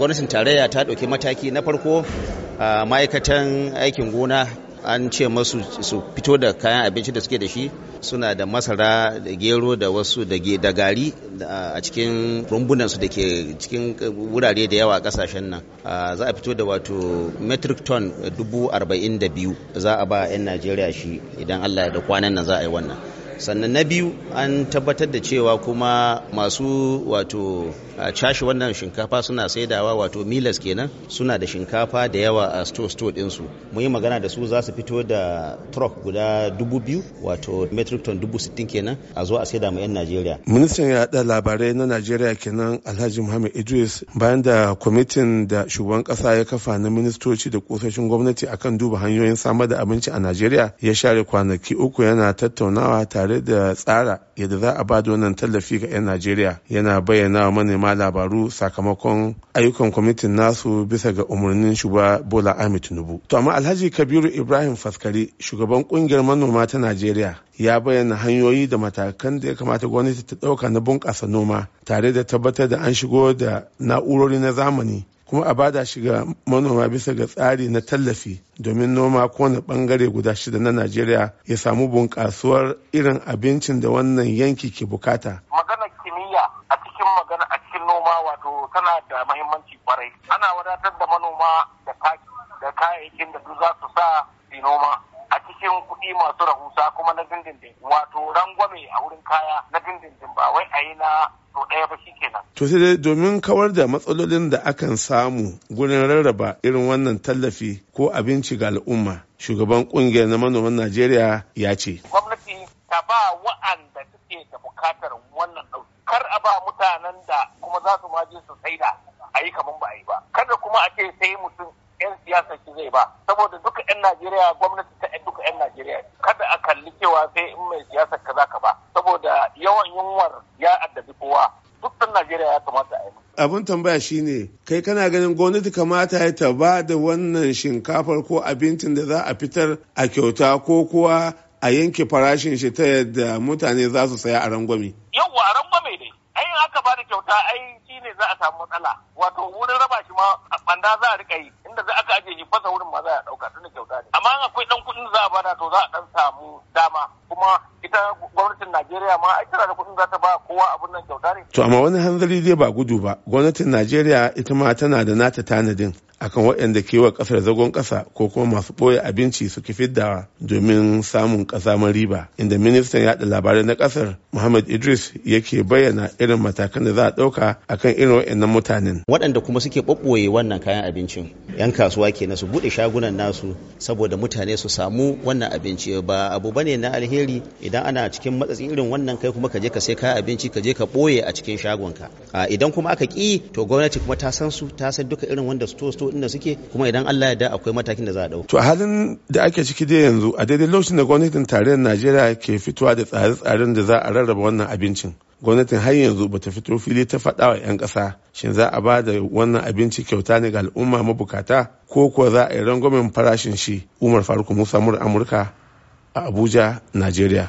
gwamnatin tarayya ta ɗauki mataki na farko a ma'aikatan aikin gona an ce masu su fito da kayan abinci da suke da shi suna da masara da gero da wasu da gari a cikin rumbunansu da ke cikin wurare da yawa a kasashen nan za a fito da wato metric ton dubu da biyu za a ba 'yan najeriya shi idan allah da kwanan nan za a yi wannan sannan na biyu an tabbatar da cewa kuma masu wato a cashe wannan shinkafa suna saidawa wato milas kenan suna da shinkafa da yawa a store store dinsu mun yi magana da su za su fito da truck guda dubu biyu wato metric ton dubu sittin kenan a zo a saida mu 'yan najeriya ministan da labarai na najeriya kenan alhaji muhammad idris bayan da kwamitin da shugaban kasa ya kafa na ministoci da kusoshin gwamnati akan duba hanyoyin samar da abinci a najeriya ya share kwanaki uku yana tattaunawa tare tare da tsara yadda za a ba da wannan tallafi ga 'yan najeriya yana bayyana wa manema labaru sakamakon ayyukan kwamitin nasu bisa ga umarnin shugaba bola ahmed tinubu to amma alhaji kabiru ibrahim faskari shugaban kungiyar manoma ta najeriya ya bayyana hanyoyi da matakan da ya kamata gwamnati ta ɗauka na bunƙasa noma tare da tabbatar da an shigo da na'urori na zamani kuma a bada shi ga manoma bisa ga tsari na tallafi domin noma kowane bangare guda shida na najeriya ya samu bunƙasuwar irin abincin da wannan yanki ke bukata maganar kimiyya a cikin magana a cikin noma wato tana da mahimmanci kwarai ana wadatar da manoma da kayayyakin da duk za su sa su noma a cikin kuɗi masu rahusa kuma na dindindin wato rangwame a wurin kaya na dindindin ba wai a yi na To sai dai domin kawar da matsalolin da akan samu gurin rarraba irin wannan tallafi ko abinci ga al'umma shugaban kungiyar na manoman Najeriya ya ce. Gwamnati ta ba wa'anda suke da bukatar wannan ɗauki. Kar a ba mutanen da kuma za su maje su saida a yi kamar ba a yi ba. Kada kuma a ce sai mutum 'yan siyasa shi zai ba. Saboda duka 'yan Najeriya gwamnati ta duka 'yan Najeriya. Kada a kalli cewa sai in mai siyasa kaza ka ba. Saboda abin tambaya shine kai kana ganin gwamnati kamata ya ta ba da wannan shinkafar ko abincin da za a fitar a kyauta ko kuwa a yanke farashin shi ta yadda mutane za su saya a rangwame. Yawwa a rangwame ne, ai aka ba da kyauta ai shi ne za a samu matsala. Wato wurin raba shi ma a banda za a rika yi, inda za aka ajiye shi fasa wurin ma za a ɗauka tun kyauta. to za a dan samu dama kuma ita gwamnatin Najeriya ma ai tana da kuɗin za ta ba kowa abun nan kyauta ne. To amma wani hanzari dai ba gudu ba gwamnatin Najeriya ita ma tana da nata tanadin akan waɗanda ke wa ƙasar zagon ƙasa ko kuma masu ɓoye abinci su suke fidda domin samun ƙasamar riba inda ministan yaɗa labarai na ƙasar muhammad idris yake bayyana irin matakan da za a ɗauka akan irin waɗannan mutanen waɗanda kuma suke ɓaɓɓoye wannan kayan abincin yan kasuwa ke su buɗe shagunan nasu saboda mutane su samu wannan abinci ba abu bane na alheri idan ana cikin matsatsi irin wannan kai kuma ka je ka sai kayan abinci ka je ka ɓoye a cikin shagonka idan kuma aka ƙi to gwamnati kuma ta san su ta san duka irin wanda su to inda suke kuma idan Allah ya da akwai matakin da za a dauka to a halin da ake ciki dai yanzu a daidai lokacin da gwamnatin tarayyar Najeriya ke fitowa da tsare-tsaren da za a rarraba wannan abincin gwamnatin har yanzu bata fito fili ta faɗa wa 'yan ƙasa shin za a ba da wannan abinci kyauta ne ga al'umma mabukata ko kuwa za a yi rangwamen farashin shi umar faruk musa mura amurka a abuja najeriya